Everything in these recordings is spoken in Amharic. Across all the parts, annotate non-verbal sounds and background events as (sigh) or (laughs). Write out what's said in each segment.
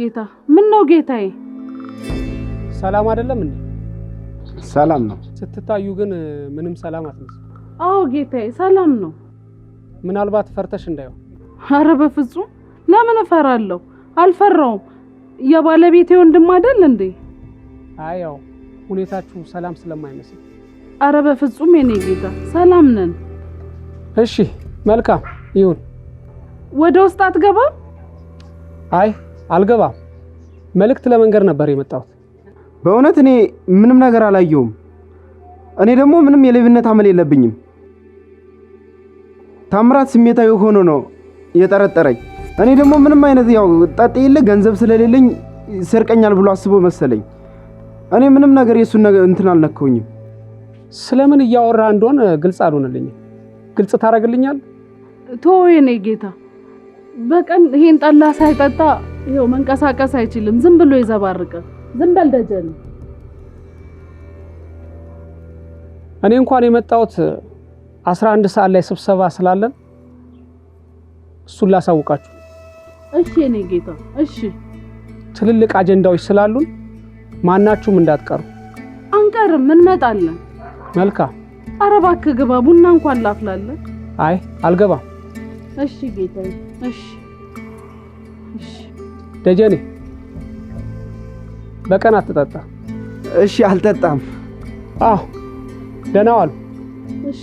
ጌታ ምን ነው ጌታዬ? ሰላም አይደለም እንዴ? ሰላም ነው። ስትታዩ ግን ምንም ሰላም አትመስል። አዎ ጌታዬ ሰላም ነው። ምናልባት ፈርተሽ እንዳየው አረ በፍጹም ለምን እፈራለሁ? አልፈራውም። የባለቤቴ ወንድም አይደል እንዴ? አይ ያው ሁኔታችሁ ሰላም ስለማይመስል። አረ በፍጹም የኔ ጌታ ሰላም ነን። እሺ መልካም ይሁን። ወደ ውስጥ አትገባም? አይ አልገባም። መልእክት ለመንገር ነበር የመጣሁት። በእውነት እኔ ምንም ነገር አላየሁም። እኔ ደግሞ ምንም የሌብነት አመል የለብኝም። ታምራት ስሜታዊ ሆኖ ነው የጠረጠረኝ። እኔ ደግሞ ምንም አይነት ያው ጠጥ የለ ገንዘብ ስለሌለኝ ሰርቀኛል ብሎ አስቦ መሰለኝ። እኔ ምንም ነገር የእሱን ነገር እንትን አልነከውኝም። ስለምን እያወራ እንደሆነ ግልጽ አልሆነልኝም። ግልጽ ታደርግልኛል? ቶ የኔ ጌታ በቀን ይሄን ጠላ ሳይጠጣ ይኸው መንቀሳቀስ አይችልም። ዝም ብሎ ይዘባርቃል። ዝም በል ደጀን። እኔ እንኳን የመጣሁት አስራ አንድ ሰዓት ላይ ስብሰባ ስላለን እሱን ላሳውቃችሁ። እሺ የኔ ጌታ። እሺ ትልልቅ አጀንዳዎች ስላሉን ማናችሁም እንዳትቀሩ። አንቀርም፣ እንመጣለን። መልካም። ኧረ እባክህ ግባ፣ ቡና እንኳን ላፍላለን። አይ አልገባም። እሺ ጌታ። እሺ እሺ ደጀኔ በቀን አትጠጣ እሺ? አልጠጣም። አዎ ደህና ዋሉ። እሺ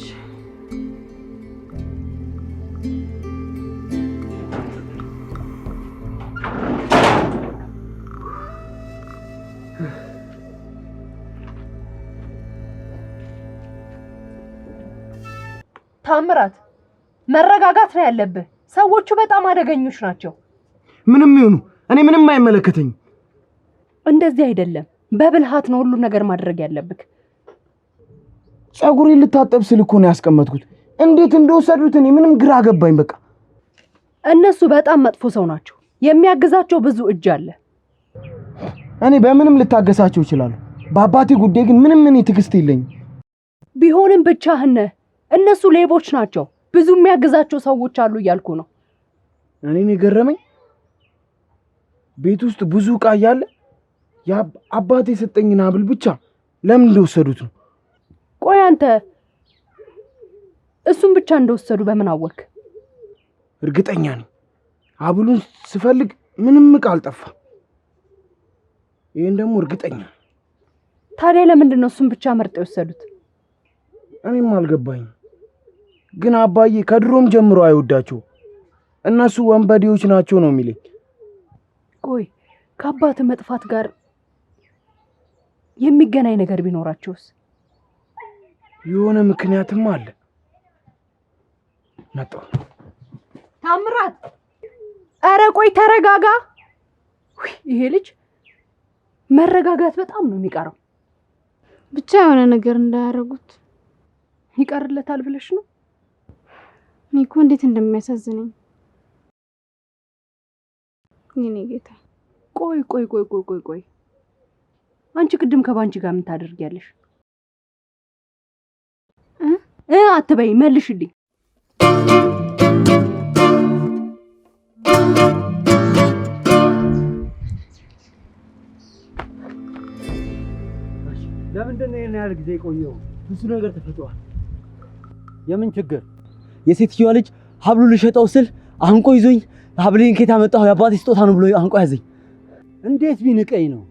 ታምራት መረጋጋት ነው ያለብህ። ሰዎቹ በጣም አደገኞች ናቸው። ምንም ይሁኑ እኔ ምንም አይመለከተኝ። እንደዚህ አይደለም፣ በብልሃት ነው ሁሉን ነገር ማድረግ ያለብክ። ፀጉሬን ልታጠብ ስል እኮ ነው ያስቀመጥኩት። እንዴት እንደወሰዱት እኔ ምንም ግራ ገባኝ። በቃ እነሱ በጣም መጥፎ ሰው ናቸው። የሚያግዛቸው ብዙ እጅ አለ። እኔ በምንም ልታገሳቸው ይችላሉ። በአባቴ ጉዳይ ግን ምንም እኔ ትዕግስት የለኝ። ቢሆንም ብቻህን እነሱ ሌቦች ናቸው። ብዙ የሚያግዛቸው ሰዎች አሉ እያልኩ ነው። እኔን የገረመኝ ቤት ውስጥ ብዙ እቃ እያለ አባቴ የሰጠኝን ሀብል ብቻ ለምን እንደወሰዱት ነው? ቆይ አንተ እሱን ብቻ እንደወሰዱ በምን አወቅ እርግጠኛ ነኝ ሀብሉን ስፈልግ ምንም እቃ አልጠፋ። ይህን ደግሞ እርግጠኛ ታዲያ ለምንድን ነው እሱን ብቻ መርጠው የወሰዱት? እኔም አልገባኝም። ግን አባዬ ከድሮም ጀምሮ አይወዳቸው እነሱ ወንበዴዎች ናቸው ነው የሚለኝ ቆይ ከአባት መጥፋት ጋር የሚገናኝ ነገር ቢኖራቸውስ? የሆነ ምክንያትም አለ። መጣሁ። ታምራት፣ ኧረ ቆይ ተረጋጋ። ይሄ ልጅ መረጋጋት በጣም ነው የሚቀረው። ብቻ የሆነ ነገር እንዳያደርጉት ይቀርለታል ብለሽ ነው? እኔ እኮ እንዴት እንደሚያሳዝነኝ የኔ ጌታ ቆይ ቆይ ቆይ ቆይ ቆይ ቆይ አንቺ ቅድም ከባንቺ ጋር ምን ታደርጊያለሽ? እ አትበይ መልሽልኝ። ለምንድን ነው ያህል ጊዜ የቆየው? ብዙ ነገር ተፈጥሯል። የምን ችግር? የሴትዮዋ ልጅ ሀብሉ ልሸጠው ስል አንቆ ይዞኝ ሀብሌን ኬታ መጣሁ የአባቴ ስጦታ ነው ብሎ አንቆ ያዘኝ። እንዴት ቢንቀኝ ነው?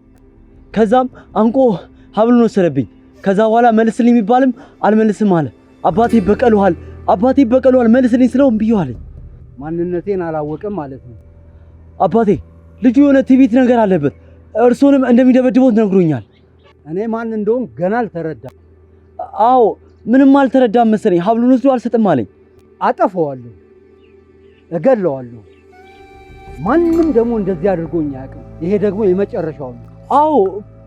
ከዛም አንቆ ሀብሉን ወሰደብኝ። ከዛ በኋላ መልስልኝ የሚባልም አልመልስም አለ። አባቴ በቀሉሃል፣ አባቴ በቀሉሃል፣ መልስልኝ ስለው እምቢ አለኝ። ማንነቴን አላወቅም ማለት ነው። አባቴ ልጁ የሆነ ትዕቢት ነገር አለበት፣ እርሶንም እንደሚደበድቦት ነግሮኛል። እኔ ማን እንደውም ገና አልተረዳም። አዎ ምንም አልተረዳም መሰለኝ። ሀብሉን ወስዶ አልሰጥም አለኝ። አጠፈዋለሁ፣ እገለዋለሁ። ማንም ደግሞ እንደዚህ አድርጎኝ አያውቅም። ይሄ ደግሞ የመጨረሻው ነው። አዎ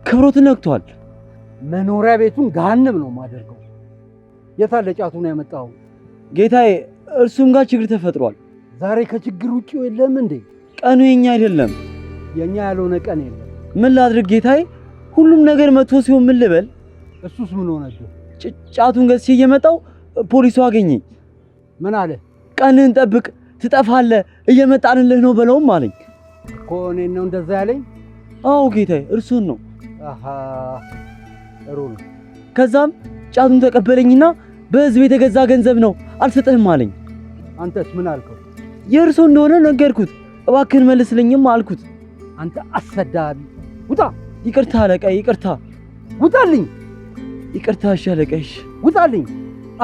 ክብሮትን ነክቷል። መኖሪያ ቤቱን ገሃነም ነው የማደርገው። የታለ ጫቱ ነው ያመጣው? ጌታዬ እርሱም ጋር ችግር ተፈጥሯል። ዛሬ ከችግር ውጭ የለም እንዴ? ቀኑ የኛ አይደለም። የኛ ያልሆነ ቀን የለም። ምን ላድርግ ጌታዬ? ሁሉም ነገር መጥቶ ሲሆን ምን ልበል? እሱስ ምን ሆነብህ? ጫቱን ገዝቼ እየመጣው ፖሊሱ አገኘኝ። ምን አለ? ቀንህን ጠብቅ ትጠፋለህ፣ እየመጣንልህ ነው በለውም አለኝ። እኮ ነው እንደዛ ያለኝ? አዎ ጌታዬ፣ እርሱን ነው። አሃ ጥሩ ነው። ከዛም ጫቱን ተቀበለኝና በህዝብ የተገዛ ገንዘብ ነው አልሰጥህም አለኝ። አንተስ ምን አልከው? የእርሶ እንደሆነ ነገርኩት። እባክህን መልስልኝም አልኩት። አንተ አሰዳቢ ውጣ! ይቅርታ አለቃ፣ ይቅርታ። ውጣልኝ! ይቅርታ። እሺ አለቃ፣ እሺ። ውጣልኝ!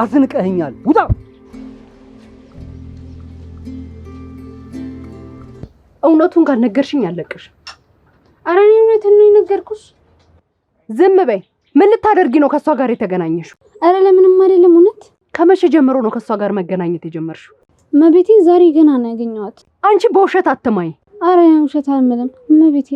አስንቀኸኛል። ውጣ! እውነቱን ካልነገርሽኝ አለቅሽ። አረ እኔ እውነትን ነው የነገርኩሽ። ዝም በይ። ምን ልታደርጊ ነው ከእሷ ጋር የተገናኘሽው? አረ ለምንም አይደለም። እውነት ከመቼ ጀምሮ ነው ከእሷ ጋር መገናኘት የጀመርሽው? መቤቴ ዛሬ ገና ነው ያገኘኋት። አንቺ በውሸት አትማይ። አረ ውሸት አልምልም መቤቴ፣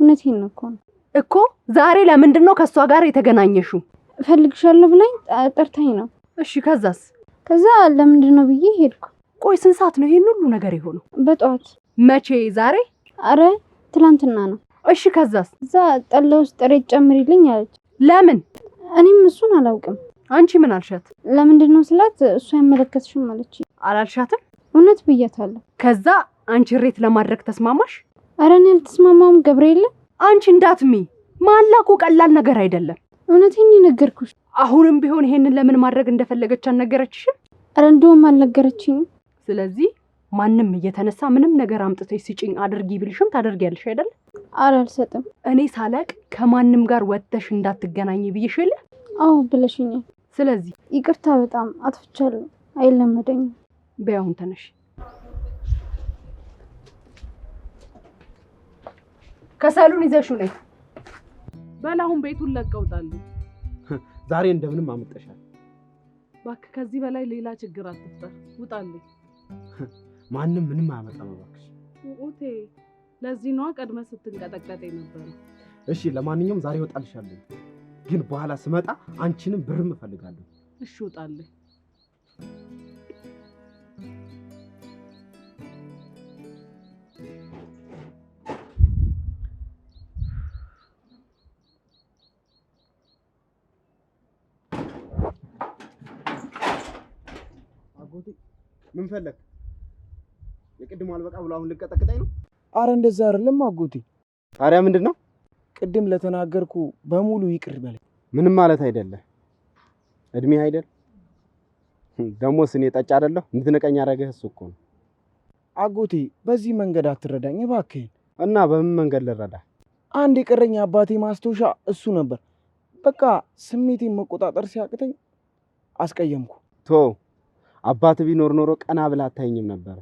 እውነቴን እኮ ነው እኮ። ዛሬ ለምንድን ነው ከእሷ ጋር የተገናኘሽው? እፈልግሻለሁ ብላኝ ጠርታኝ ነው። እሺ ከዛስ? ከዛ ለምንድን ነው ብዬ ሄድኩ። ቆይ ስንት ሰዓት ነው ይሄን ሁሉ ነገር የሆነው? በጠዋት መቼ? ዛሬ? አረ ትላንትና ነው። እሺ ከዛስ? እዛ ጠላ ውስጥ ጥሬ ጨምሪልኝ አለች። ለምን? እኔም እሱን አላውቅም። አንቺ ምን አልሻት? ለምንድን ነው ስላት እሱ አይመለከትሽም አለች። አላልሻትም? እውነት ብያታለሁ። ከዛ አንቺ ሬት ለማድረግ ተስማማሽ? አረ እኔ አልተስማማም ገብርኤል። አንቺ እንዳትሚ ማላቁ ቀላል ነገር አይደለም። እውነቴን ነገርኩሽ። አሁንም ቢሆን ይሄንን ለምን ማድረግ እንደፈለገች አልነገረችሽም? አረ እንደውም አልነገረችኝም። ስለዚህ ማንም እየተነሳ ምንም ነገር አምጥተሽ ስጭኝ አድርጊ ብልሽም ታደርጊያለሽ አይደል? አረ አልሰጥም። እኔ ሳላቅ ከማንም ጋር ወጥተሽ እንዳትገናኝ ብዬሽ የለ? አዎ ብለሽኛል። ስለዚህ ይቅርታ፣ በጣም አጥፍቻለሁ። አይለመደኝም። በይ ተነሽ። ከሰሉን ይዘሹ ነ በላሁን ቤቱን ለቀውጣሉ። (laughs) ዛሬ እንደምንም አምጠሻል። እባክህ ከዚህ በላይ ሌላ ችግር አትፍጠር። ውጣልኝ። (laughs) ማንም ምንም አያመጣም። እባክሽ ውጤ፣ ለዚህ ነዋ ቀድመ ስትንቀጠቀጥ ነበረ። እሺ፣ ለማንኛውም ዛሬ እወጣልሻለሁ፣ ግን በኋላ ስመጣ አንቺንም ብርም እፈልጋለሁ። እሺ፣ እወጣለሁ። ምን ፈለግ የቅድሙ አልበቃ ብሎ አሁን ልቀጠቅጠኝ ነው? አረ እንደዛ አይደለም አጎቴ። ታዲያ ምንድን ነው? ቅድም ለተናገርኩ በሙሉ ይቅር በለኝ። ምንም ማለት አይደለም። እድሜ አይደል ደግሞ ስኔ ጠጭ አይደለሁ እንድትነቀኝ ያደረገህ እሱ እኮ ነው። አጎቴ በዚህ መንገድ አትረዳኝ እባክህን። እና በምን መንገድ ልረዳ? አንድ የቀረኝ አባቴ ማስታወሻ እሱ ነበር። በቃ ስሜቴን መቆጣጠር ሲያቅተኝ አስቀየምኩ። ቶ አባት ቢኖር ኖሮ ቀና ብላ አታየኝም ነበረ።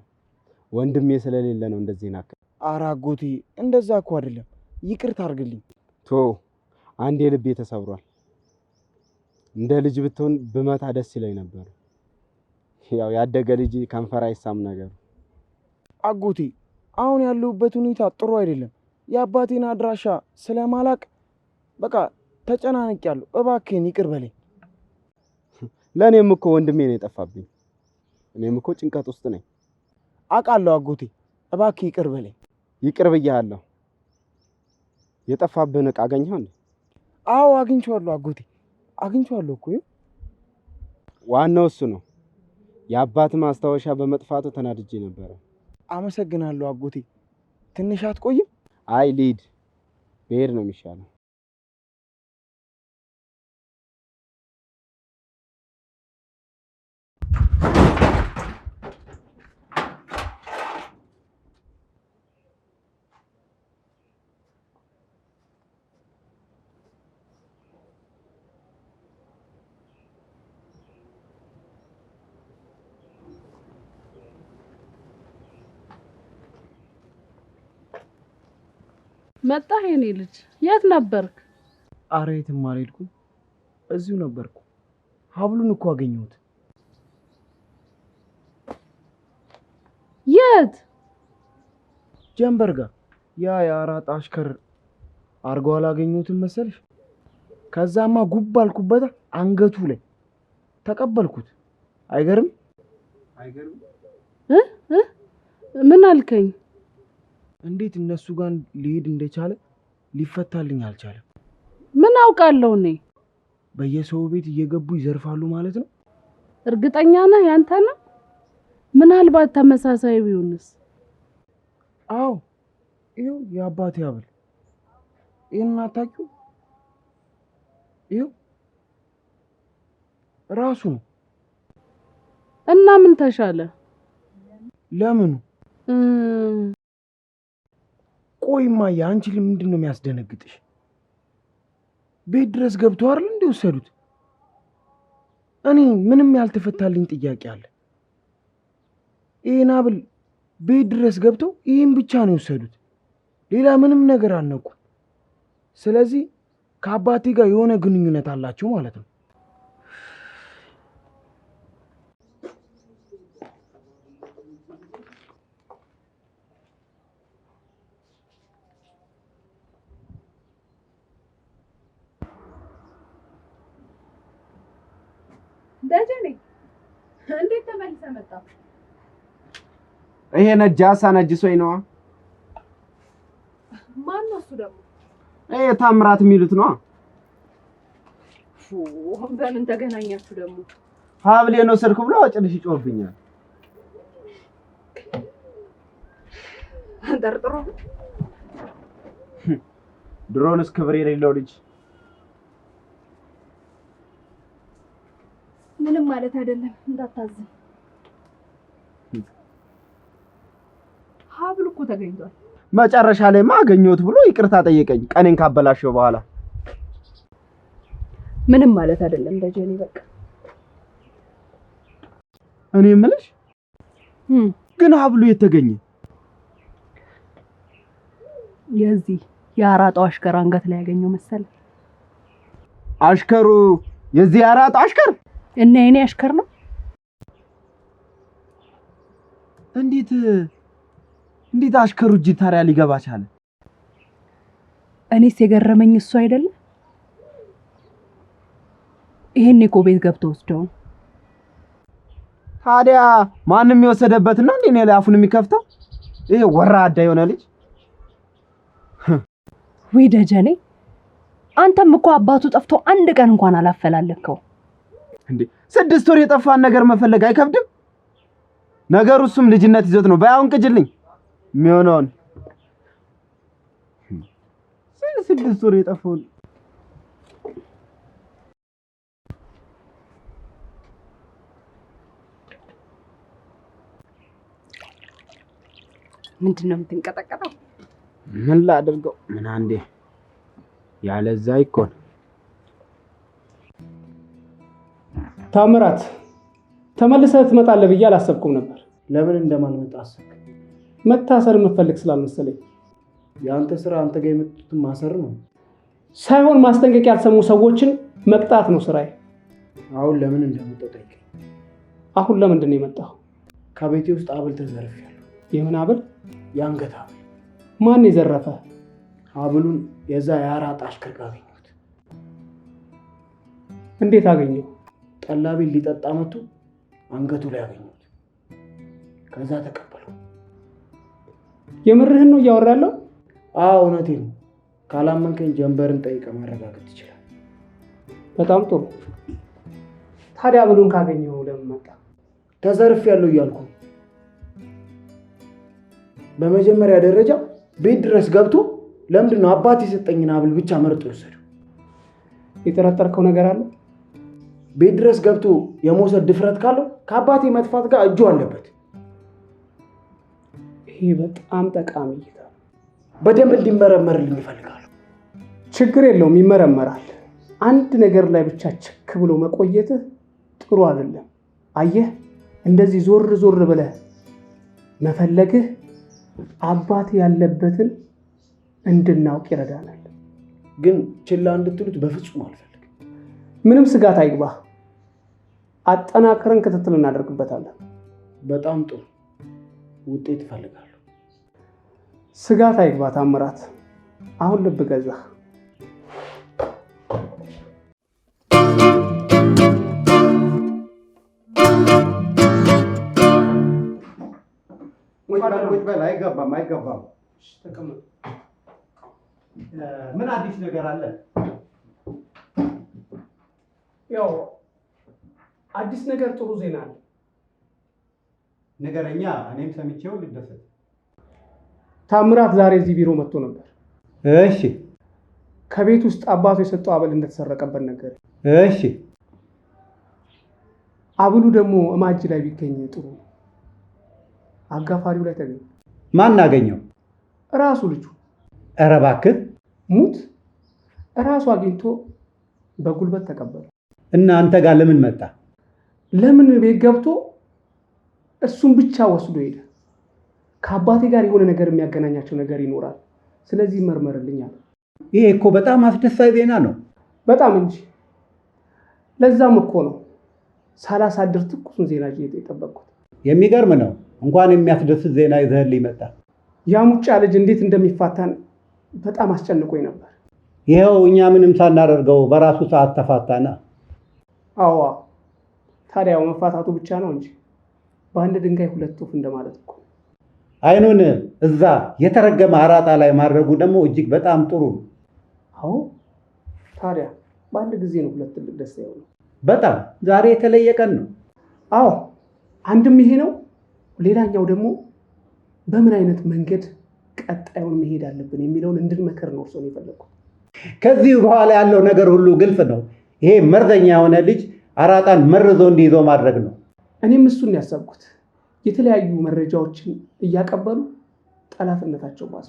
ወንድሜ ስለሌለ ነው እንደዚህ ናከ። ኧረ አጎቴ እንደዛ እኮ አይደለም፣ ይቅርታ አድርግልኝ። ቶ አንዴ ልቤ ተሰብሯል። እንደ ልጅ ብትሆን ብመታ ደስ ይለኝ ነበር። ያው ያደገ ልጅ ከንፈር አይሳም ነገሩ። አጎቴ አሁን ያለሁበት ሁኔታ ጥሩ አይደለም። የአባቴን አድራሻ ስለማላቅ በቃ ተጨናንቄያለሁ። እባክህን ይቅር በለኝ። ለእኔም እኮ ወንድሜ ነው የጠፋብኝ። እኔም እኮ ጭንቀት ውስጥ ነኝ። አውቃለሁ አጎቴ፣ እባክህ ይቅር በለኝ። ይቅር ብያለሁ። የጠፋብህን ዕቃ አገኘኸው? አዎ አግኝቼዋለሁ አጎቴ፣ አግኝቼዋለሁ እኮ። ዋናው እሱ ነው። የአባት ማስታወሻ በመጥፋቱ ተናድጄ ነበረ። አመሰግናለሁ አጎቴ። ትንሽ አትቆይም? አይ ልሂድ፣ ብሄድ ነው የሚሻለው። መጣህ የኔ ልጅ? የት ነበርክ? አረ የትም አልሄድኩም፣ እዚሁ ነበርኩ። ሀብሉን እኮ አገኘሁት። የት? ጀንበር ጋር ያ የአራት አሽከር አርጎ አላገኘሁትም መሰልሽ። ከዛማ ጉብ አልኩበት አንገቱ ላይ ተቀበልኩት። አይገርም? አይገርም? ምን አልከኝ? እንዴት እነሱ ጋር ሊሄድ እንደቻለ ሊፈታልኝ አልቻለም። ምን አውቃለሁ እኔ። በየሰው ቤት እየገቡ ይዘርፋሉ ማለት ነው። እርግጠኛ ነህ ያንተ ነው? ምናልባት ተመሳሳይ ቢሆንስ? አዎ፣ ይኸው የአባቴ ሐብል ይህን አታውቂው? ይኸው ራሱ ነው። እና ምን ተሻለ? ለምኑ አንቺ የአንቺ ምንድን ነው የሚያስደነግጥሽ? ቤት ድረስ ገብተው አይደል እንደ ወሰዱት? እኔ ምንም ያልተፈታልኝ ጥያቄ አለ። ይህን አብል ቤት ድረስ ገብተው ይህን ብቻ ነው የወሰዱት፣ ሌላ ምንም ነገር አልነኩም። ስለዚህ ከአባቴ ጋር የሆነ ግንኙነት አላቸው ማለት ነው። ደጀኔ እንዴት ተመልሰህ መጣ? ይሄ ነጃሳ ነጅሶኝ ነዋ። ማን ነው እሱ ደግሞ? ይሄ ታምራት የሚሉት ነዋ። በምን ተገናኛችሁ ደግሞ? ሀብሌ ነው ስልክ ብሎ ጭልሽ ይጮህብኛል። አንጠርጥሮ ድሮንስ ክብር የሌለው ልጅ ምንም ማለት አይደለም፣ እንዳታዝን። ሀብል እኮ ተገኝቷል። መጨረሻ ላይ ማ አገኘሁት ብሎ ይቅርታ ጠየቀኝ፣ ቀኔን ካበላሸው በኋላ። ምንም ማለት አይደለም ደጀኔ፣ በቃ እኔ የምልሽ ግን ሀብሉ የተገኘ የዚህ የአራጣው አሽከር አንገት ላይ ያገኘው መሰለ። አሽከሩ የዚህ የአራጣው አሽከር እና የኔ አሽከር ነው። እንዴት እንዴት አሽከሩ እጅ ታዲያ ሊገባ ቻለ? እኔስ የገረመኝ እሱ አይደለም። ይሄን እኮ ቤት ገብቶ ወስደው። ታዲያ ማንም የወሰደበትና እንዴ እኔ ላይ አፉን የሚከፍተው ይሄ ወራዳ የሆነ ልጅ። ወይ ደጀኔ፣ አንተም እኮ አባቱ ጠፍቶ አንድ ቀን እንኳን አላፈላለከው። እንዴ ስድስት ወር የጠፋን ነገር መፈለግ አይከብድም? ነገሩ እሱም ልጅነት ይዞት ነው። ባያውን ቅጅልኝ የሚሆነውን ስድስት ወር የጠፋውን ምንድን ነው የምትንቀጠቀጠው? ምን ላድርገው? ምን አንዴ ያለዛ ይኮን ታምራት ተመልሰህ ትመጣለህ ብዬ አላሰብኩም ነበር። ለምን እንደማልመጣ አሰብክ? መታሰር የምፈልግ ስላልመሰለኝ። የአንተ ስራ አንተ ጋር የመጡትን ማሰር ነው ሳይሆን ማስጠንቀቂያ ያልሰሙ ሰዎችን መቅጣት ነው ስራዬ። አሁን ለምን እንደመጣሁ ጠይቀኝ። አሁን ለምንድን ነው የመጣሁ? ከቤቴ ውስጥ አብል ተዘርፌያለሁ። የምን አብል? የአንገት አብል። ማን የዘረፈ? አብሉን የዛ የአራጣ አሽከርካሪ እንዴት አገኘው? ጠላቢን ሊጠጣ መጥቶ አንገቱ ላይ ያገኙት። ከዛ ተቀበለው። የምርህን ነው እያወራ ያለው? አዎ እውነቴ ነው። ካላመንከኝ ጀንበርን ጠይቀ ማረጋገጥ ይችላል። በጣም ጥሩ። ታዲያ ብሉን ካገኘው ለምን መጣ? ተዘርፍ ያለው እያልኩ በመጀመሪያ ደረጃ ቤት ድረስ ገብቶ ለምንድን ነው አባት የሰጠኝን ሀብል ብቻ መርጦ የወሰደው? የጠረጠርከው ነገር አለው? ቤት ድረስ ገብቶ የመውሰድ ድፍረት ካለው ከአባቴ መጥፋት ጋር እጁ አለበት። ይሄ በጣም ጠቃሚ እይታ በደንብ እንዲመረመርልኝ እፈልጋለሁ። ችግር የለውም ይመረመራል። አንድ ነገር ላይ ብቻ ችክ ብሎ መቆየትህ ጥሩ አይደለም። አየህ፣ እንደዚህ ዞር ዞር ብለህ መፈለግህ አባቴ ያለበትን እንድናውቅ ይረዳናል። ግን ችላ እንድትሉት በፍጹም አልፈልግም። ምንም ስጋት አይግባህ። አጠናክረን ክትትል እናደርግበታለን። በጣም ጥሩ ውጤት ይፈልጋሉ። ስጋት አይግባ ታምራት። አሁን ልብ ገዛ አይገባም አይገባም። ምን አዲስ ነገር አለ? ያው አዲስ ነገር ጥሩ ዜና አለ። ነገረኛ እኔም ሰምቼው ልደሰት። ታምራት ዛሬ እዚህ ቢሮ መጥቶ ነበር። እሺ። ከቤት ውስጥ አባቱ የሰጠው አበል እንደተሰረቀበት ነገር። እሺ። አብሉ ደግሞ እማጅ ላይ ቢገኝ ጥሩ አጋፋሪው ላይ ተገኘ። ማን አገኘው? እራሱ ልጁ። እረ እባክህ ሙት። እራሱ አግኝቶ በጉልበት ተቀበለ እና አንተ ጋር ለምን መጣ? ለምን ቤት ገብቶ እሱን ብቻ ወስዶ ሄደ? ከአባቴ ጋር የሆነ ነገር የሚያገናኛቸው ነገር ይኖራል። ስለዚህ መርመርልኛል። ይሄ እኮ በጣም አስደሳች ዜና ነው። በጣም እንጂ። ለዛም እኮ ነው ሳላሳድር ትኩሱን ዜና የጠበቅኩት። የሚገርም ነው። እንኳን የሚያስደስት ዜና ይዘህልኝ መጣህ። ያሙጫ ልጅ እንዴት እንደሚፋታን በጣም አስጨንቆኝ ነበር። ይኸው እኛ ምንም ሳናደርገው በራሱ ሰዓት ተፋታና። አዋ ታዲያ መፋታቱ ብቻ ነው እንጂ በአንድ ድንጋይ ሁለት ወፍ እንደማለት እኮ። አይኑን እዛ የተረገመ አራጣ ላይ ማድረጉ ደግሞ እጅግ በጣም ጥሩ ነው። አዎ ታዲያ በአንድ ጊዜ ነው ሁለት ትልቅ ደስታ የሆነ። በጣም ዛሬ የተለየ ቀን ነው። አዎ አንድም ይሄ ነው፣ ሌላኛው ደግሞ በምን አይነት መንገድ ቀጣዩን መሄድ አለብን የሚለውን እንድንመክር ነው እርሶን የፈለግኩት። ከዚህ በኋላ ያለው ነገር ሁሉ ግልጽ ነው። ይሄ መርዘኛ የሆነ ልጅ አራጣን መርዞ እንዲይዘው ማድረግ ነው። እኔም እሱን ያሰብኩት የተለያዩ መረጃዎችን እያቀበሉ ጠላትነታቸው ባዝ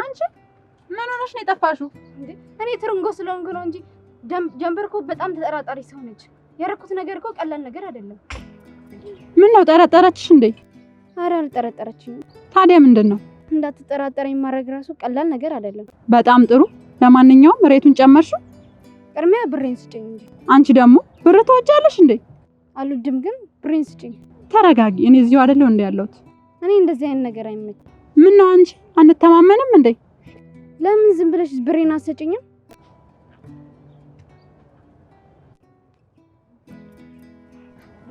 አንቺ ምን ሆነሽ ነው የጠፋሽው? እኔ ትርንጎ ስለሆንኩ ነው እንጂ ጀንበርኮ በጣም ተጠራጣሪ ሰው ነች። ያደረኩት ነገር እኮ ቀላል ነገር አይደለም። ምን ነው ጠረጠረችሽ እንዴ? አረ አልጠረጠረችኝ። ታዲያ ምንድን ነው? እንዳትጠራጠረኝ ማድረግ ራሱ ቀላል ነገር አይደለም። በጣም ጥሩ። ለማንኛውም መሬቱን ጨመርሽው? ቅድሚያ ብሬን ስጭኝ እንጂ። አንቺ ደግሞ ብር ትወጃለሽ እንዴ? አልወድም፣ ግን ብሬን ስጭኝ። ተረጋጊ። እኔ እዚሁ አይደለሁ እንደ ያለሁት። እኔ እንደዚህ አይነት ነገር አይመችም። ምን ነው አንቺ አንተማመንም እንዴ? ለምን ዝም ብለሽ ብሬን አትሰጭኝም?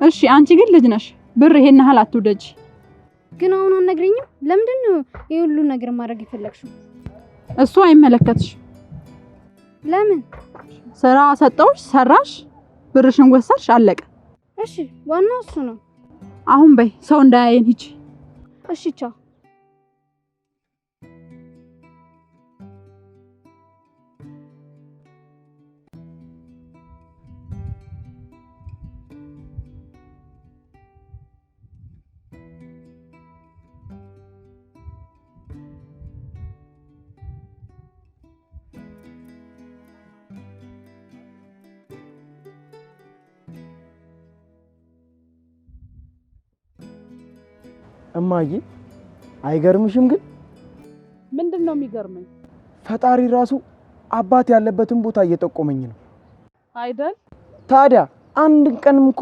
እሺ አንቺ ግን ልጅ ነሽ፣ ብር ይሄን ያህል አትውደጂ። ግን አሁን አልነግረኝም? ለምንድን ነው የሁሉ ነገር ማድረግ የፈለግሽው? እሱ አይመለከትሽ። ለምን? ስራ ሰጠውሽ፣ ሰራሽ፣ ብርሽን ወሰድሽ፣ አለቀ። እሺ ዋናው እሱ ነው። አሁን በይ ሰው እንዳያየን ሂጂ። እሺ ቻው። እማዬ አይገርምሽም? ግን ምንድን ነው የሚገርመኝ? ፈጣሪ ራሱ አባት ያለበትን ቦታ እየጠቆመኝ ነው አይደል? ታዲያ አንድ ቀንም እኮ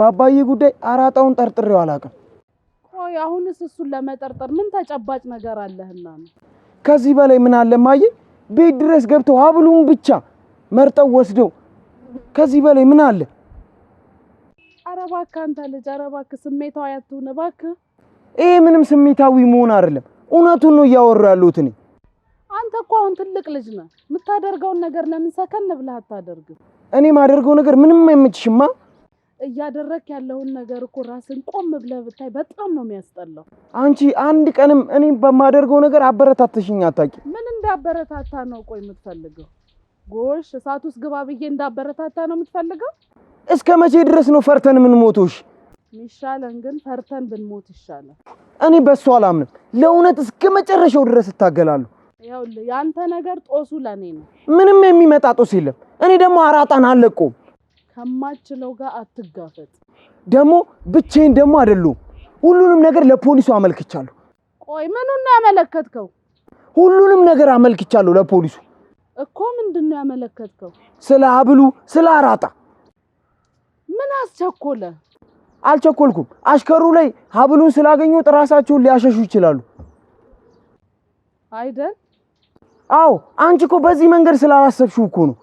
በአባዬ ጉዳይ አራጣውን ጠርጥሬው አላውቅም። ቆይ አሁንስ እሱን ለመጠርጠር ምን ተጨባጭ ነገር አለህና ነው? ከዚህ በላይ ምን አለ እማዬ? ቤት ድረስ ገብተው ሀብሉን ብቻ መርጠው ወስደው፣ ከዚህ በላይ ምን አለ? ኧረ እባክህ አንተ ልጅ፣ አረባክ እባክህ ስሜታዊ አትሁን እባክህ። ይሄ ምንም ስሜታዊ መሆን አይደለም። እውነቱን ነው እያወሩ ያሉት እኔ። አንተ እኮ አሁን ትልቅ ልጅ ነህ። የምታደርገውን ነገር ለምን ሰከን ብለህ አታደርግም? እኔ ማደርገው ነገር ምንም አይመችሽማ። እያደረክ ያለውን ነገር እኮ ራስን ቆም ብለህ ብታይ በጣም ነው የሚያስጠላው። አንቺ አንድ ቀንም እኔ በማደርገው ነገር አበረታተሽኝ አታውቂ። ምን እንዳበረታታ ነው ቆይ የምትፈልገው? ጎሽ እሳት ውስጥ ግባ ብዬ እንዳበረታታ ነው የምትፈልገው? እስከ መቼ ድረስ ነው ፈርተን የምንሞቶሽ? ሚሻለን ግን ፈርተን ብንሞት ይሻላል። እኔ በእሱ አላምንም። ለእውነት እስከ መጨረሻው ድረስ እታገላለሁ። ይኸውልህ ያንተ ነገር ጦሱ ለእኔ ነው። ምንም የሚመጣ ጦስ የለም። እኔ ደግሞ አራጣን አለቀውም። ከማችለው ጋር አትጋፈጥ። ደግሞ ብቻዬን ደግሞ አይደለሁም። ሁሉንም ነገር ለፖሊሱ አመልክቻለሁ። ቆይ ምኑን ነው ያመለከትከው? ሁሉንም ነገር አመልክቻለሁ ለፖሊሱ እኮ። ምንድን ነው ያመለከትከው? ስለ አብሉ፣ ስለ አራጣ። ምን አስቸኮለ? አልቸኮልኩም። አሽከሩ ላይ ሀብሉን ስላገኙ ራሳቸውን ሊያሸሹ ይችላሉ አይደል? አዎ፣ አንቺ እኮ በዚህ መንገድ ስላላሰብሽው እኮ ነው።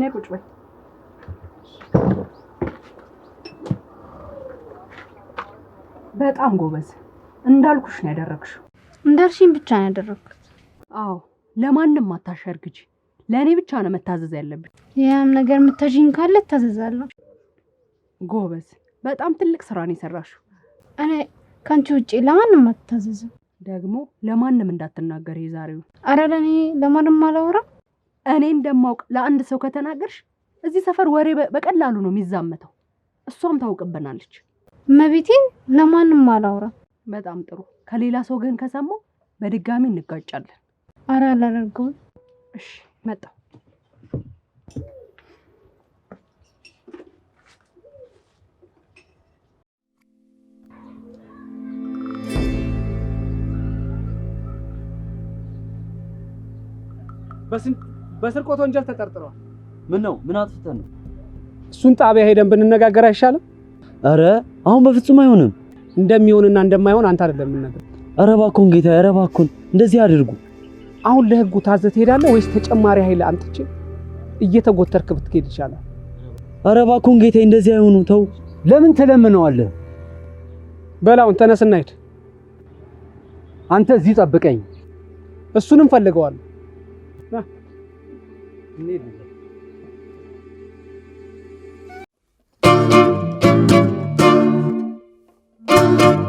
ነይ ቁጭ በይ። በጣም ጎበዝ። እንዳልኩሽ ነው ያደረግሽው። እንዳልሽኝ ብቻ ነው ያደረግኩት። አዎ ለማንም አታሸርግጂ። ለእኔ ብቻ ነው መታዘዝ ያለብን። ያም ነገር የምታዥኝ ካለ እታዘዛለሁ። ጎበዝ፣ በጣም ትልቅ ስራ ነው የሰራሽው። እኔ ከአንቺ ውጭ ለማንም አትታዘዝም። ደግሞ ለማንም እንዳትናገር የዛሬው። አረ ለእኔ ለማንም አላወራም። እኔ እንደማውቅ ለአንድ ሰው ከተናገርሽ እዚህ ሰፈር ወሬ በቀላሉ ነው የሚዛመተው። እሷም ታውቅብናለች። መቤቴን ለማንም አላውራ። በጣም ጥሩ። ከሌላ ሰው ግን ከሰማው በድጋሚ እንጋጫለን። አረ አላደርገውም። እሺ መጣ በስርቆት ወንጀል ተጠርጥረዋል። ምን ነው? ምን አጥፍተን ነው? እሱን ጣቢያ ሄደን ብንነጋገር አይሻልም? አረ አሁን በፍጹም አይሆንም። እንደሚሆንና እንደማይሆን አንተ አይደለም የምነግርህ። አረ እባክዎን ጌታ፣ አረ እባክዎን እንደዚህ አድርጉ። አሁን ለህጉ ታዘህ ትሄዳለህ ወይስ ተጨማሪ ኃይል አምጥቼ እየተጎተርክ ብትሄድ ይቻላል? አረ እባክዎን ጌታ፣ እንደዚህ አይሆኑ። ተው። ለምን ትለምነዋለህ? በላውን ተነስና ሂድ። አንተ እዚህ ጠብቀኝ። እሱንም ፈልገዋለሁ። Thank you.